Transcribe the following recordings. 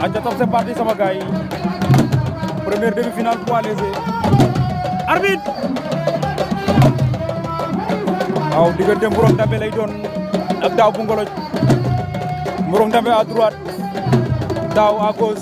Adiatox c'est parti sama gars yi première demi-finale poids léger arbitre waaw diggante Mourom Ndambe lay ak Daaw bu Ngoloj Mourom Ndambe à Daaw à gauche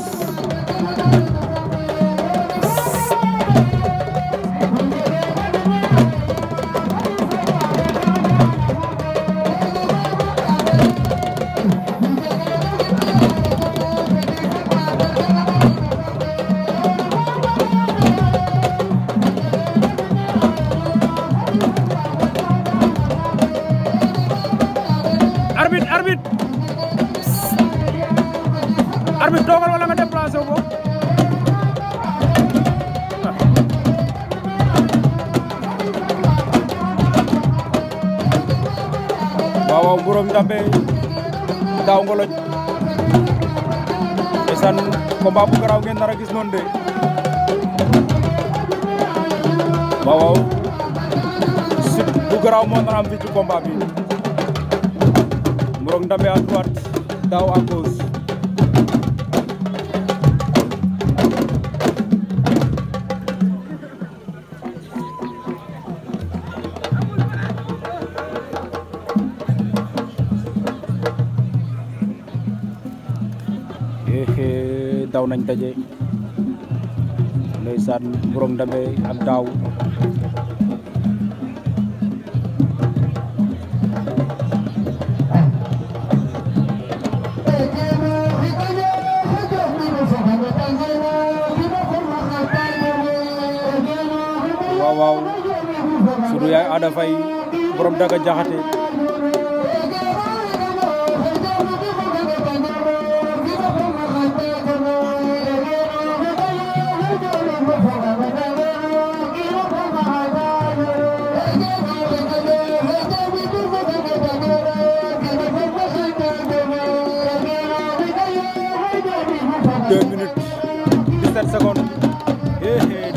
waaw borom bu garaaw ngeen nar a gis noonu de waaw waaw sit bu garaaw moo nar am fii ci combat bi borom Njambé à droite daaw à daw nañ daje ndeysaan borom ndambe ak daaw wow, waaw sunu yaay Ada fai borom daga jaxate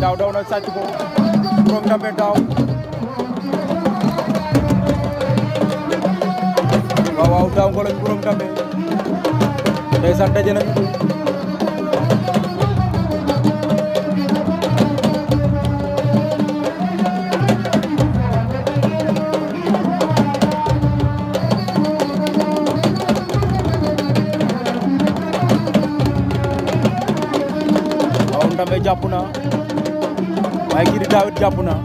daaw daw na sàcc ko borom ndambe a waaw waaw daaw ko lañ borom ndambe ndeysaan daje nañ a jàpp na waaye kii di Daawit jàpp na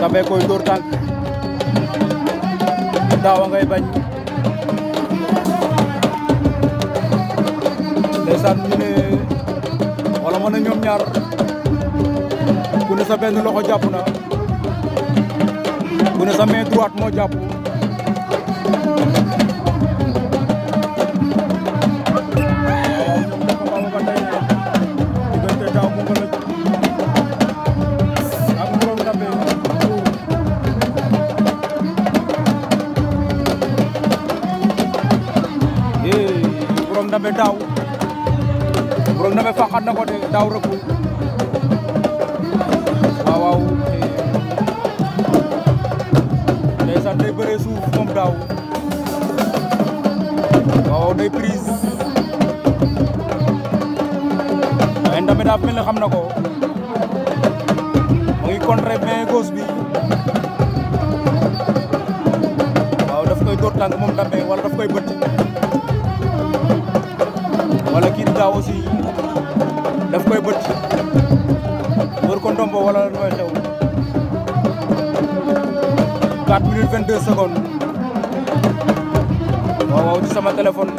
Kabe koy dóor tànk daawa ngay bañ ndeysaan ñu wala mën na ñaar sa benn loxo jàpp na bu ne sa main droite moo jàpp borom ndambe daaw borom ndambe faxat na ko de daaw rëkkul daaw waaw day prise waaye Ndame daa mel ne xam na ko mu ngi contre main gauche bi waaw daf koy dóor tànk moom Ndame wala daf koy bëtt wala kii di daaw aussi daf koy bëtt wër ko ndombo wala lu may xew 4 minutes 22 secondes waaw waaw ci sama téléphone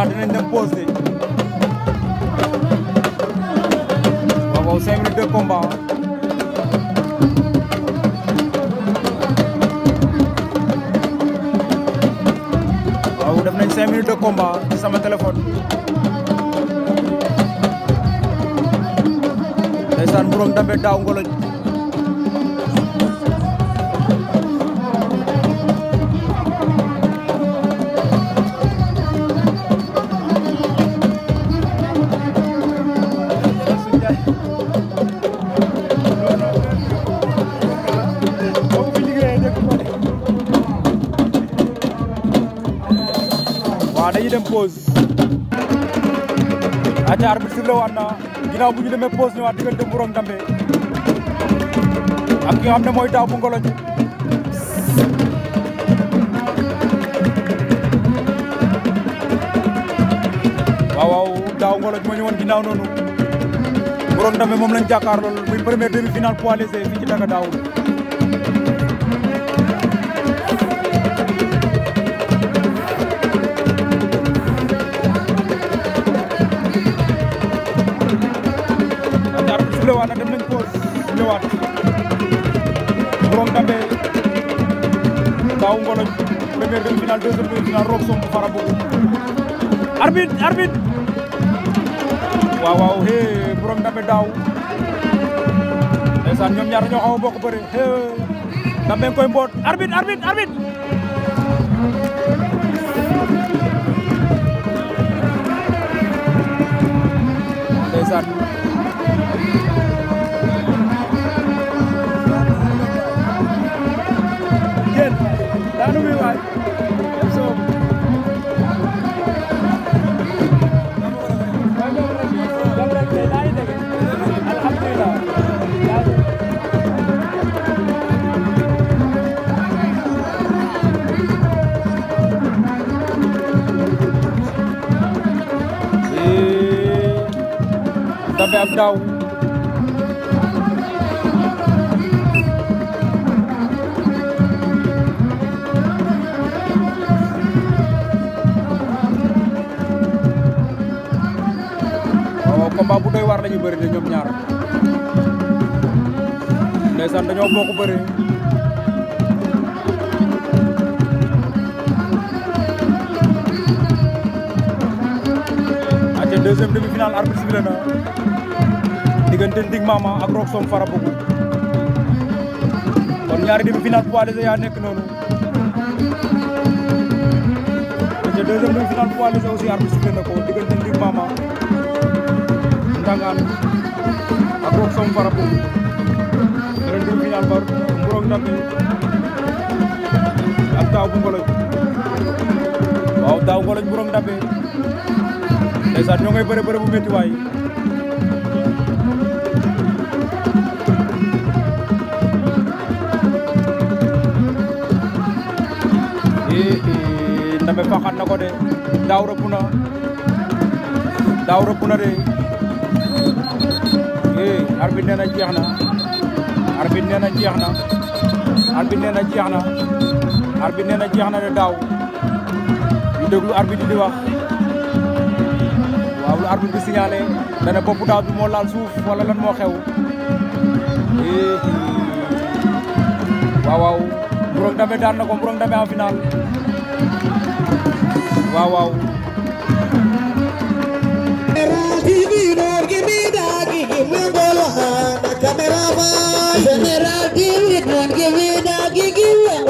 allah dinañ dem posé waaw waaw cinq minutes de combat waaw def nañ cinq minutes de combat ci sama téléphone ndeysaan borom dambe daaw ngoloñ waaw dañuy dem pause aca arbitre sifflé waat na ginnaaw bu ñu demee pause a diggante Mbour ak Ndambe ak ki nga xam mooy daaw bu ngoloñ waaw waaw daaw ngoloñ moo ñëwoon ginnaaw noonu Mbour ak Ndambe moom lañ jàkkaar lool muy première demi-finale poids léger fii ci Daga Daawul sifle waat na dem nañ pause sifle waat Ngoloñ première demi-finale deuxième demi-finale Rock Fara Boubou arbitre arbitre waaw hee borom Ndambe daaw ndeysaan ñoom ñaar ñoo xaw a bokk bëri hee Ndambe nga koy mboot arbitre arbitre ak daaw waaw combat bu doy waar la ñu bëri ñoom ñaar ndeysaan dañoo bokk bëri deuxième demi-finale arbitre bi la na Mama ak Roxom Fara Boubou kon ñaari demi-finale poids léger yaa nekk noonu te deuxième demi-finale poids léger aussi arbitre bi ko diggante Ndik Mama Ndangaan ak Roxom Fara Boubou beneen demi-finale par Mbourok Ndambi ak Daaw bu waaw Daaw Ngoloñ Mbourok Ndambi ndeysaan ñoo ngay bëre bëre bu métti waay Ndamé faxat na ko de daaw rëbb daaw rëbb de eh arbitre nee na jeex na arbitre nee na jeex na arbitre nee na jeex na arbitre jeex na de daaw ñu déglu arbitre di wax. arbitre bi signalé da ne bopp daaw bi moo suuf wala lan moo xew waaw waaw Mburong daan na ko Mburong Dame en